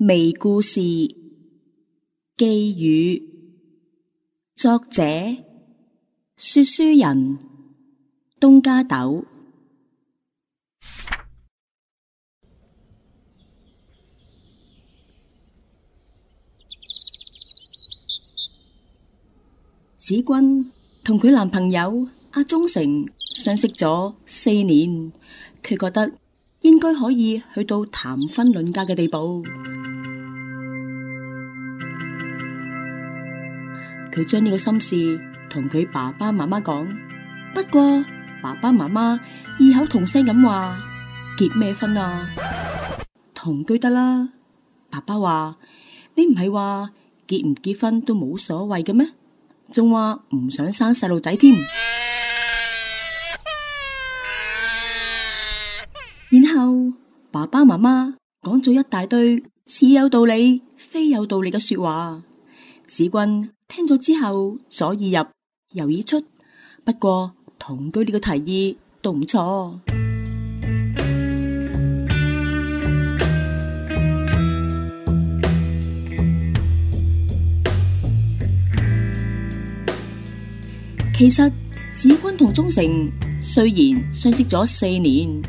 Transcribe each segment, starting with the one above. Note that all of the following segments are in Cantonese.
微故事，記雨，作者說書人東加豆子 君同佢男朋友阿忠成相識咗四年，佢覺得應該可以去到談婚論嫁嘅地步。佢將呢個心事同佢爸爸媽媽講，不過爸爸媽媽異口同聲咁話，結咩婚啊？ 同居得啦。爸爸話：你唔係話結唔結婚都冇所謂嘅咩？仲話唔想生細路仔添。 然後爸爸媽媽講咗一大堆似有道理、非有道理嘅說話，子君，聽咗之後，左耳入右耳出。不過同居呢個提議都唔錯。其實子君同忠誠雖然相識咗四年，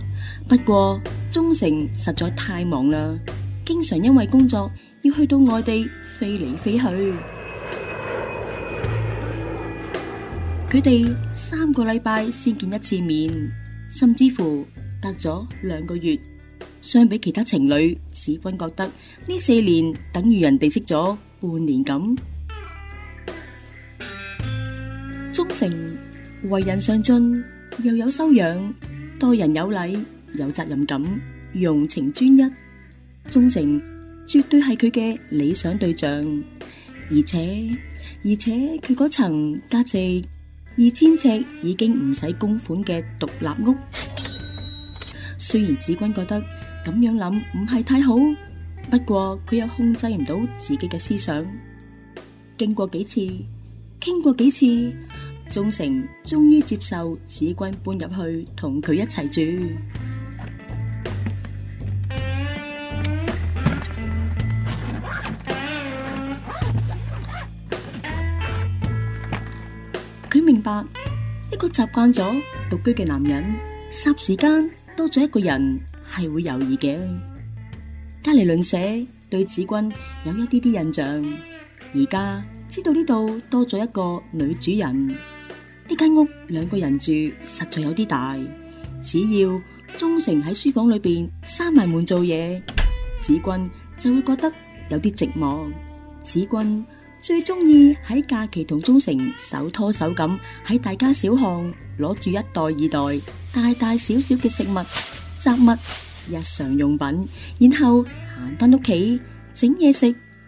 不過忠誠實在太忙啦，經常因為工作要去到外地飛嚟飛去。佢哋三個禮拜先見一次面，甚至乎隔咗兩個月。相比其他情侶，志軍覺得呢四年等於人哋識咗半年咁。忠誠為人上進，又有修養，待人有禮，有責任感，用情專一，忠誠絕對係佢嘅理想對象。而且而且佢嗰層價值。二千尺已經唔使供款嘅獨立屋，雖然子君覺得咁樣諗唔係太好，不過佢又控制唔到自己嘅思想。經過幾次，傾過幾次，鍾成終於接受子君搬入去同佢一齊住。明白一個習慣咗獨居嘅男人，霎時間多咗一個人係會猶豫嘅。隔籬鄰舍對子君有一啲啲印象，而家知道呢度多咗一個女主人，呢間屋兩個人住實在有啲大。只要忠誠喺書房裏邊閂埋門做嘢，子君就會覺得有啲寂寞。子君。最中意喺假期同忠誠手拖手咁喺大街小巷攞住一袋二袋大大小小嘅食物雜物日常用品，然後行翻屋企整嘢食，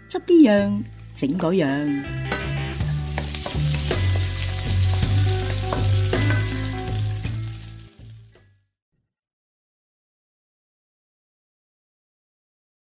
執啲樣整嗰樣。